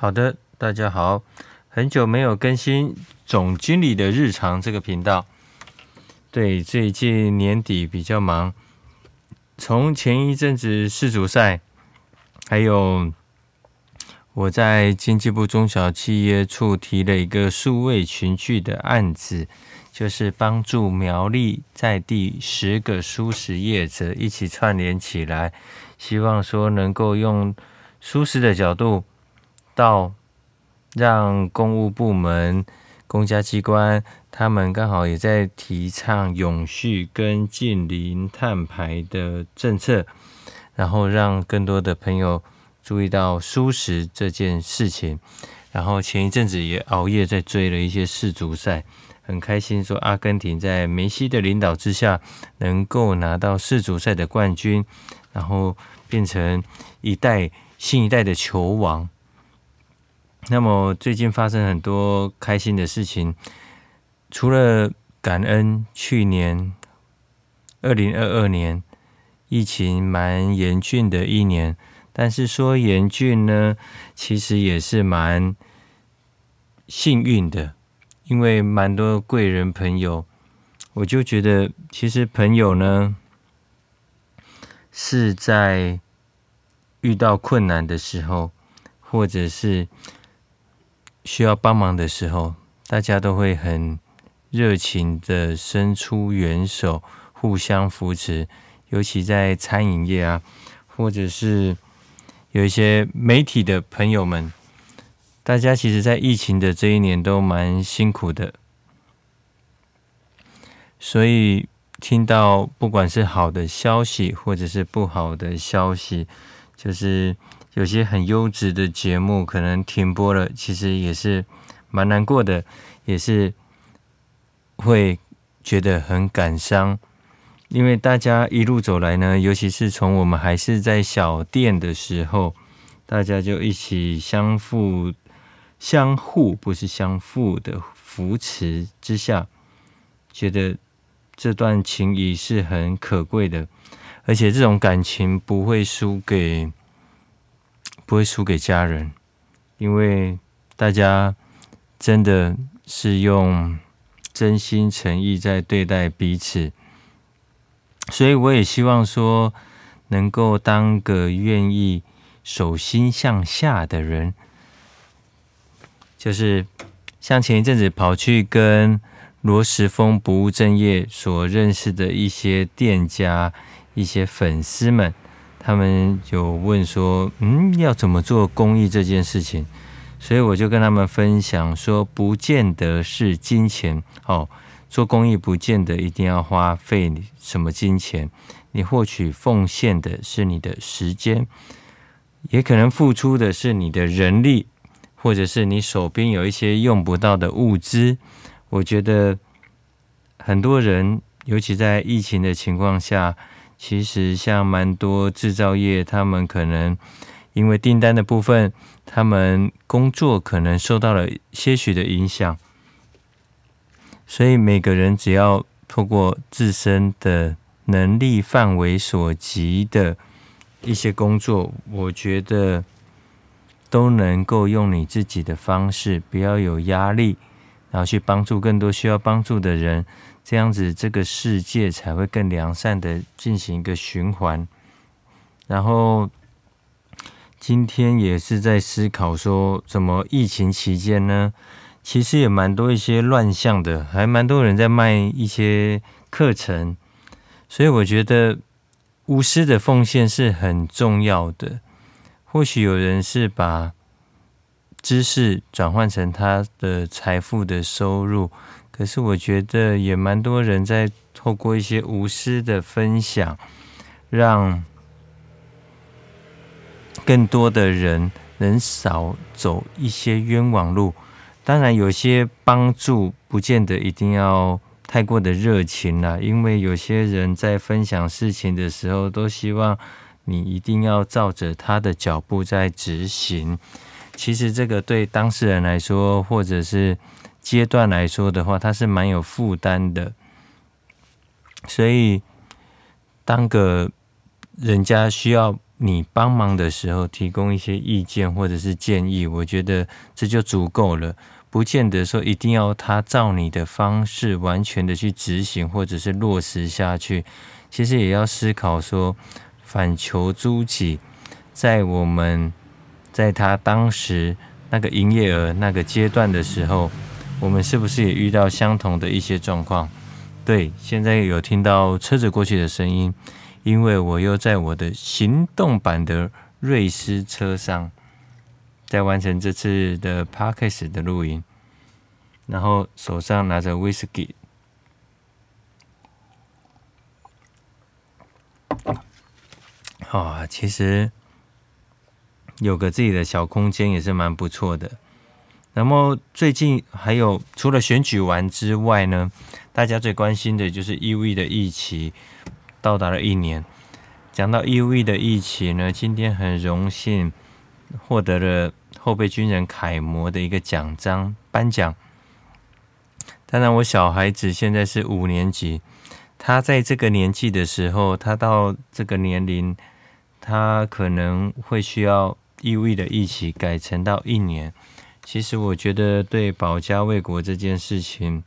好的，大家好，很久沒有更新總經理的日常這個頻道。對，最近年底比較忙，從前一陣子世足賽，還有我在經濟部中小企業處提了一個數位群聚的案子，就是幫助苗栗在地十個蔬食業者一起串聯起來，希望說能夠用蔬食的角度。到讓公務部門、公家機關，他們剛好也在提倡永續跟近零碳排的政策，然後讓更多的朋友注意到蔬食這件事情。然後前一陣子也熬夜在追了一些世足賽，很開心，說阿根廷在梅西的領導之下，能夠拿到世足賽的冠軍，然後變成一代新一代的球王。那麼最近發生很多開心的事情，除了感恩去年二零二二年疫情蠻嚴峻的一年，但是說嚴峻呢，其實也是蠻幸運的，因為蠻多貴人朋友，我就覺得其實朋友呢是在遇到困難的時候，或者是。需要幫忙的時候，大家都會很熱情的伸出援手，互相扶持。尤其在餐飲業啊，或者是有一些媒體的朋友們，大家其實在疫情的這一年都蠻辛苦的。所以聽到不管是好的消息或者是不好的消息，就是。有些很優質的節目可能停播了，其實也是蠻難過的，也是會覺得很感傷。因為大家一路走來呢，尤其是從我們還是在小店的時候，大家就一起相互、相互，不是相互的扶持之下，覺得這段情誼是很可貴的，而且這種感情不會輸給。不會輸給家人，因為大家真的是用真心誠意在對待彼此，所以我也希望說能夠當個願意手心向下的人，就是像前一陣子跑去跟羅時豐不務正業所認識的一些店家、一些粉絲們。他們就問說：“嗯，要怎麼做公益這件事情？”所以我就跟他們分享說：“不見得是金錢哦，做公益不見得一定要花費什麼金錢。你獲取奉獻的是你的時間，也可能付出的是你的人力，或者是你手邊有一些用不到的物資。”我覺得很多人，尤其在疫情的情況下。其實，像蠻多製造業，他們可能因為訂單的部分，他們工作可能受到了些許的影響。所以，每個人只要透過自身的能力範圍所及的一些工作，我覺得都能夠用你自己的方式，不要有壓力，然後去幫助更多需要幫助的人。這樣子，這個世界才會更良善的進行一個循環。然後，今天也是在思考說，怎麼疫情期間呢？其實也蠻多一些亂象的，還蠻多人在賣一些課程，所以我覺得無私的奉獻是很重要的。或許有人是把知識轉換成他的財富的收入。可是我覺得也蠻多人在透過一些無私的分享，讓更多的人能少走一些冤枉路。當然，有些幫助不見得一定要太過的熱情了，因為有些人在分享事情的時候，都希望你一定要照着他的腳步在執行。其實，這個對當事人來說，或者是。階段來說的話，它是蠻有負擔的，所以當個人家需要你幫忙的時候，提供一些意見或者是建議，我覺得這就足夠了，不見得說一定要他照你的方式完全的去執行或者是落實下去。其實也要思考說，反求諸己，在我們在他當時那個營業額那個階段的時候。我們是不是也遇到相同的一些狀況？對，現在有聽到車子過去的聲音，因為我又在我的行動版的瑞獅車上，在完成這次的 Podcast 的錄音，然後手上拿着 whisky。啊、哦，其實有個自己的小空間也是蠻不錯的。那麼最近還有除了選舉完之外呢，大家最關心的就是義務役的役期到達了一年。講到義務役的役期呢，今天很榮幸獲得了後備軍人楷模的一個獎章頒獎。當然，我小孩子現在是五年級，他在這個年紀的時候，他到這個年齡，他可能會需要義務役的役期改成到一年。其實我覺得對保家衛國這件事情，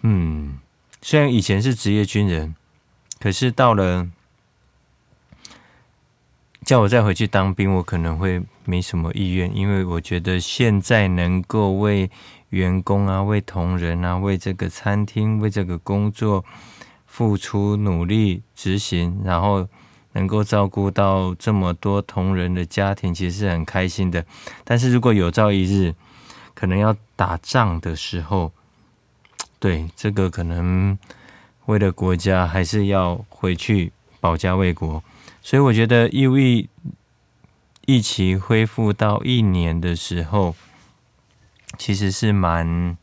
嗯，雖然以前是職業軍人，可是到了叫我再回去當兵，我可能會沒什麼意願，因為我覺得現在能夠為員工啊、為同仁啊、為這個餐廳、為這個工作付出努力、執行，然後。能夠照顧到這麼多同仁的家庭，其實是很開心的。但是如果有朝一日，可能要打仗的時候，對，這個可能為了國家還是要回去保家衛國。所以我覺得義，義務役恢復到一年的時候，其實是蠻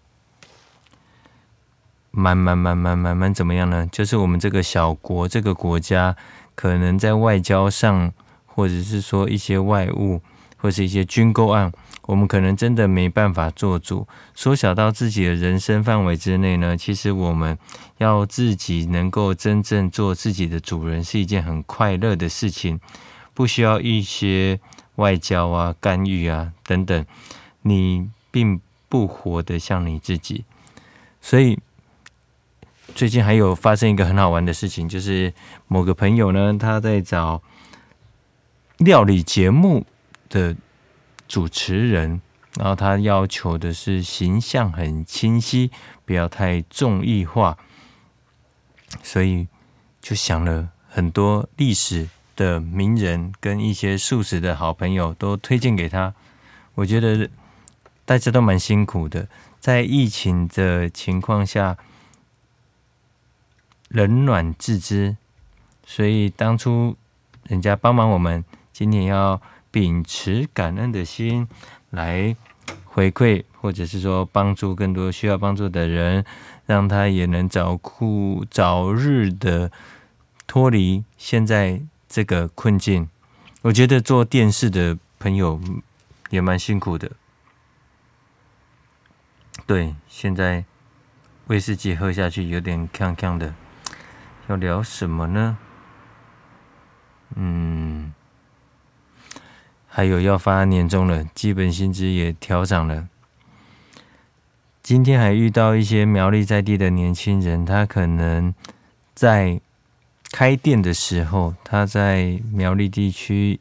蠻蠻蠻蠻蠻蠻怎麼樣呢？就是我們這個小國這個國家。可能在外交上，或者是說一些外務，或者是一些軍購案，我們可能真的沒辦法做主。縮小到自己的人生範圍之內呢，其實我們要自己能夠真正做自己的主人是一件很快樂的事情，不需要一些外交啊、干預啊等等。你並不活得像你自己，所以。最近還有發生一個很好玩的事情，就是某個朋友呢，他在找料理節目的主持人，然後他要求的是形象很清晰，不要太綜藝化，所以就想了很多歷史的名人跟一些素食的好朋友都推薦給他。我覺得大家都蠻辛苦的，在疫情的情況下。冷暖自知，所以當初人家幫忙我們，今天要秉持感恩的心來回饋，或者是說幫助更多需要幫助的人，讓他也能早酷早日的脫離現在這個困境。我覺得做電視的朋友也蠻辛苦的。對，現在威士忌喝下去有點嗆嗆的。要聊什麼呢？嗯，還有要發年終了，基本薪資也調整了。今天還遇到一些苗栗在地的年輕人，他可能在開店的時候，他在苗栗地區，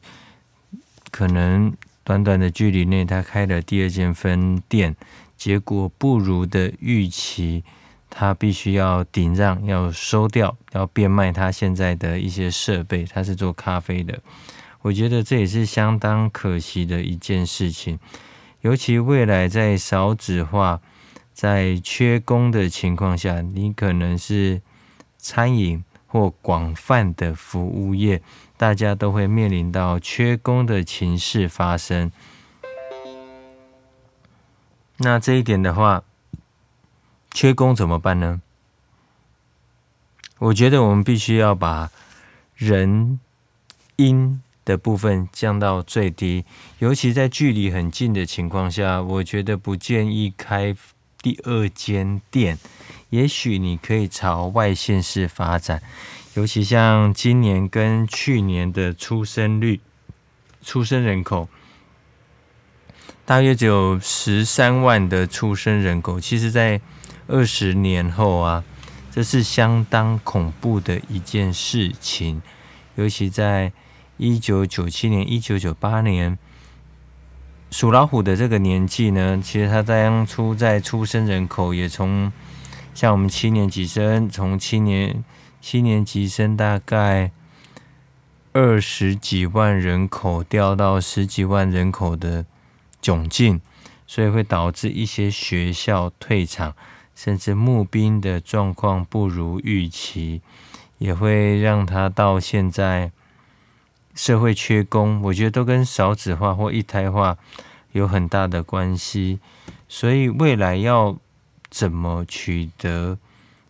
可能短短的距離內，他開了第二間分店，結果不如的預期。他必須要頂讓，要收掉，要變賣他現在的一些設備。他是做咖啡的，我覺得這也是相當可惜的一件事情。尤其未來在少子化、在缺工的情況下，你可能是餐飲或廣泛的服務業，大家都會面臨到缺工的情勢發生。那這一點的話，缺工怎麼辦呢？我覺得我們必須要把人因的部分降到最低，尤其在距離很近的情況下，我覺得不建議開第二間店。也許你可以朝外縣市發展，尤其像今年跟去年的出生率、出生人口，大約只有十三萬的出生人口，其實在，二十年後啊，這是相當恐怖的一件事情。尤其在一九九七年、一九九八年，屬老虎的這個年紀呢，其實它在當初在出生人口也從像我們七年級生，從七年七年級生大概二十幾萬人口掉到十幾萬人口的窘境，所以會導致一些學校退場。甚至募兵的狀況不如預期，也會讓他到現在社會缺工。我覺得都跟少子化或一胎化有很大的關係。所以未來要怎麼取得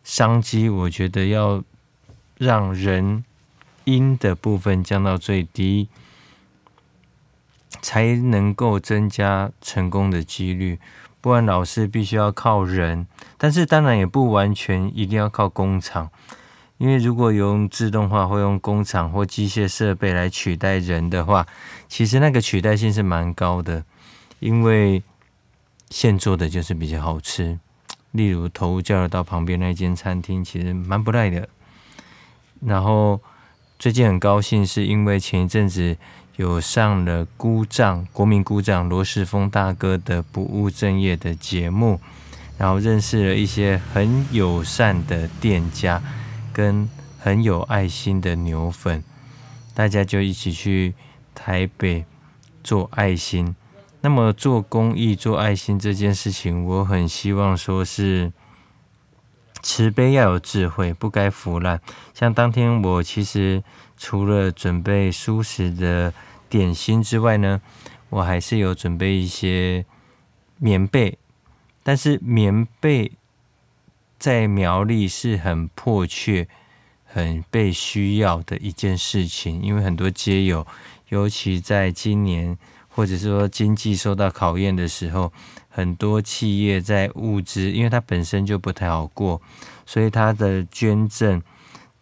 商機？我覺得要讓人因的部分降到最低，才能夠增加成功的幾率。不然老是必須要靠人，但是當然也不完全一定要靠工廠，因為如果用自動化或用工廠或機械設備來取代人的話，其實那個取代性是蠻高的。因為現做的就是比較好吃，例如頭加叫到旁邊那間餐廳，其實蠻不賴的。然後最近很高興，是因為前一陣子。有上了姑丈，國民姑丈，羅世峰大哥的不務正業的節目，然後認識了一些很友善的店家，跟很有愛心的牛粉，大家就一起去台北做愛心。那麼做公益、做愛心這件事情，我很希望說是慈悲要有智慧，不該腐爛。像當天我其實除了準備蔬食的。點心之外呢，我還是有準備一些棉被，但是棉被在苗栗是很迫切、很被需要的一件事情，因為很多街友，尤其在今年或者是說經濟受到考驗的時候，很多企業在物資，因為它本身就不太好過，所以它的捐贈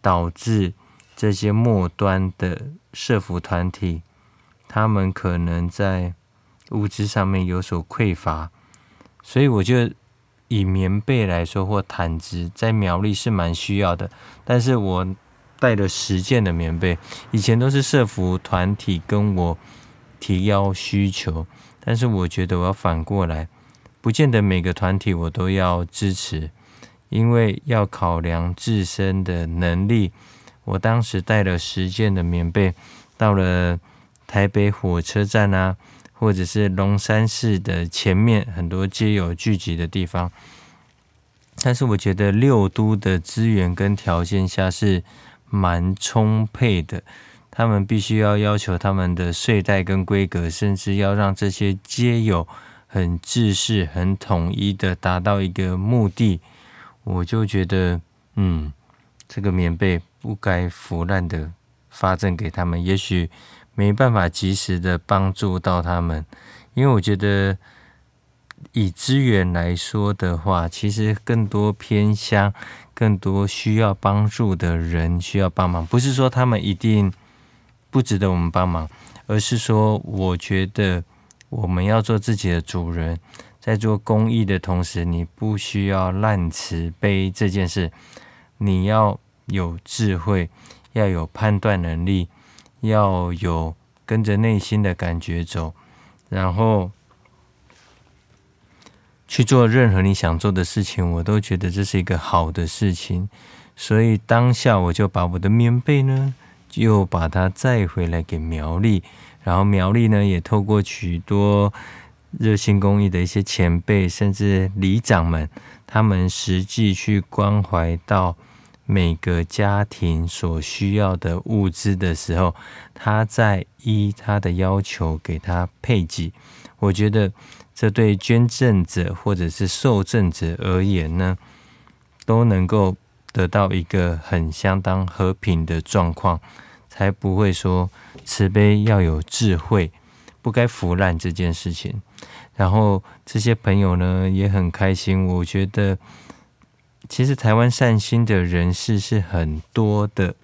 導致這些末端的社服團體社福團體。他們可能在物資上面有所匱乏，所以我就以棉被來說，或毯子，在苗栗是蠻需要的。但是我帶了十件的棉被，以前都是社福團體跟我提要需求，但是我覺得我要反過來，不見得每個團體我都要支持，因為要考量自身的能力。我當時帶了十件的棉被，到了。台北火車站啊，或者是龍山寺的前面，很多街友聚集的地方，但是我覺得六都的資源跟條件下是蠻充沛的，他們必須要要求他們的睡袋跟規格，甚至要讓這些街友很制式、很統一的達到一個目的，我就覺得，嗯，這個棉被不該腐爛的發證給他們，也許。沒辦法及時的幫助到他們，因為我覺得以資源來說的話，其實更多偏向更多需要幫助的人需要幫忙，不是說他們一定不值得我們幫忙，而是說我覺得我們要做自己的主人，在做公益的同時，你不需要濫慈悲這件事，你要有智慧，要有判斷能力。要有跟着內心的感覺走，然後去做任何你想做的事情，我都覺得這是一個好的事情。所以當下我就把我的棉被呢，就把它載回來給苗栗，然後苗栗呢也透過許多熱心公益的一些前輩，甚至里長們，他們實際去關懷到。每個家庭所需要的物資的時候，他在依他的要求給他配給。我覺得這對捐贈者或者是受贈者而言呢，都能夠得到一個很相當和平的狀況，才不會說慈悲要有智慧，不該腐爛這件事情。然後這些朋友呢也很開心，我覺得。其實台灣善心的人士是很多的，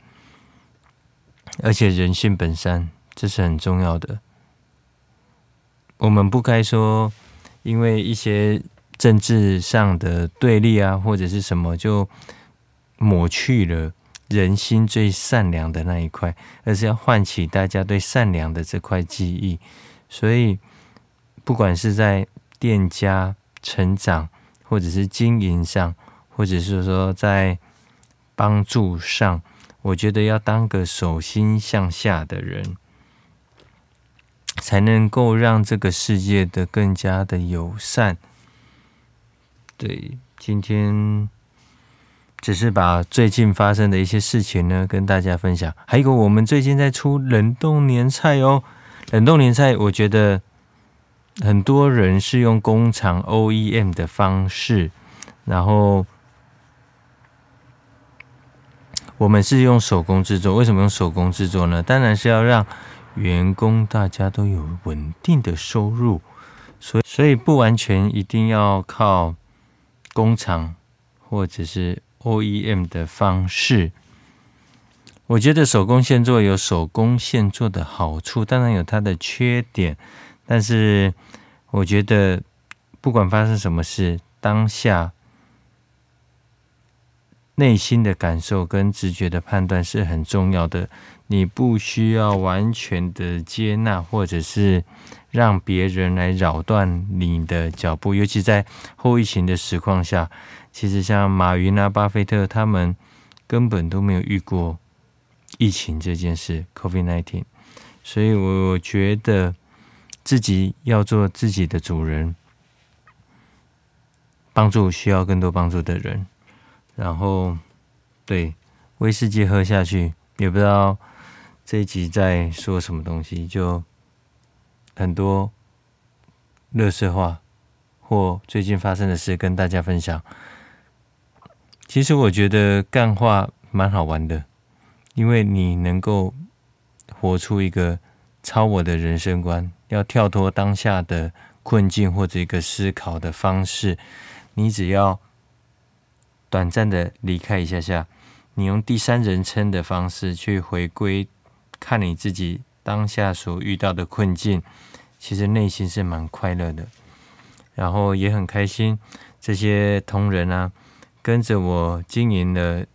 而且人性本善，這是很重要的。我們不該說因為一些政治上的對立啊，或者是什麼，就抹去了人心最善良的那一塊，而是要喚起大家對善良的這塊記憶。所以，不管是在店家成長，或者是經營上。或者是說在幫助上，我覺得要當個手心向下的人，才能夠讓這個世界的更加的友善。對，今天只是把最近發生的一些事情呢跟大家分享。還有一個，我們最近在出冷凍年菜哦，冷凍年菜。我覺得很多人是用工廠 OEM 的方式，然後。我們是用手工製作，為什麼用手工製作呢？當然是要讓員工大家都有穩定的收入，所以所以不完全一定要靠工廠或者是 OEM 的方式。我覺得手工現做有手工現做的好處，當然有它的缺點，但是我覺得不管發生什麼事，當下。內心的感受跟直覺的判斷是很重要的。你不需要完全的接納，或者是讓別人來擾亂你的腳步。尤其在後疫情的實況下，其實像馬雲啊、巴菲特他們根本都沒有遇過疫情這件事 （COVID-19）。所以我覺得自己要做自己的主人，幫助需要更多幫助的人。然後，對，威士忌喝下去，也不知道這一集在說什麼東西，就很多垃圾話，或最近發生的事跟大家分享。其實我覺得幹話蠻好玩的，因為你能夠活出一個超我的人生觀，要跳脫當下的困境或者一個思考的方式，你只要。短暫的離開一下下，你用第三人稱的方式去回歸，看你自己當下所遇到的困境，其實內心是蠻快樂的，然後也很開心。這些同仁啊，跟着我經營了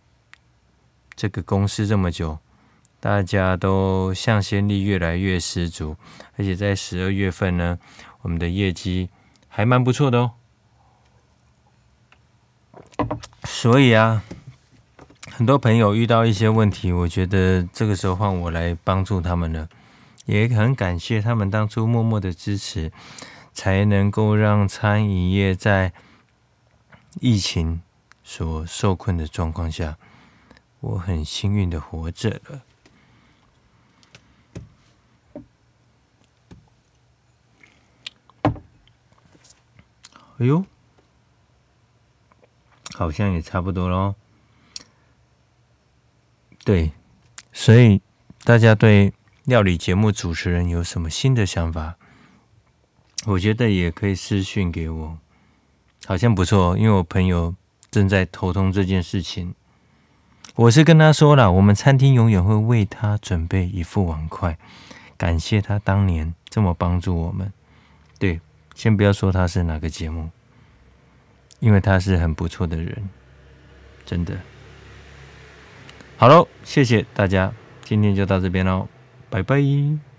這個公司這麼久，大家都向心力越來越十足，而且在十二月份呢，我們的業績還蠻不錯的哦。所以啊，很多朋友遇到一些問題，我覺得這個時候換我來幫助他們了，也很感謝他們當初默默的支持，才能夠讓餐飲業在疫情所受困的狀況下，我很幸運的活着了。哎呦！好像也差不多咯。對，所以大家對料理節目主持人有什麼新的想法？我覺得也可以私訊給我。好像不錯，因為我朋友正在頭痛這件事情。我是跟他說了，我們餐廳永遠會為他準備一副碗筷，感謝他當年這麼幫助我們。對，先不要說他是哪個節目。因為他是很不錯的人，真的。好嘍，謝謝大家，今天就到這邊嘍，拜拜。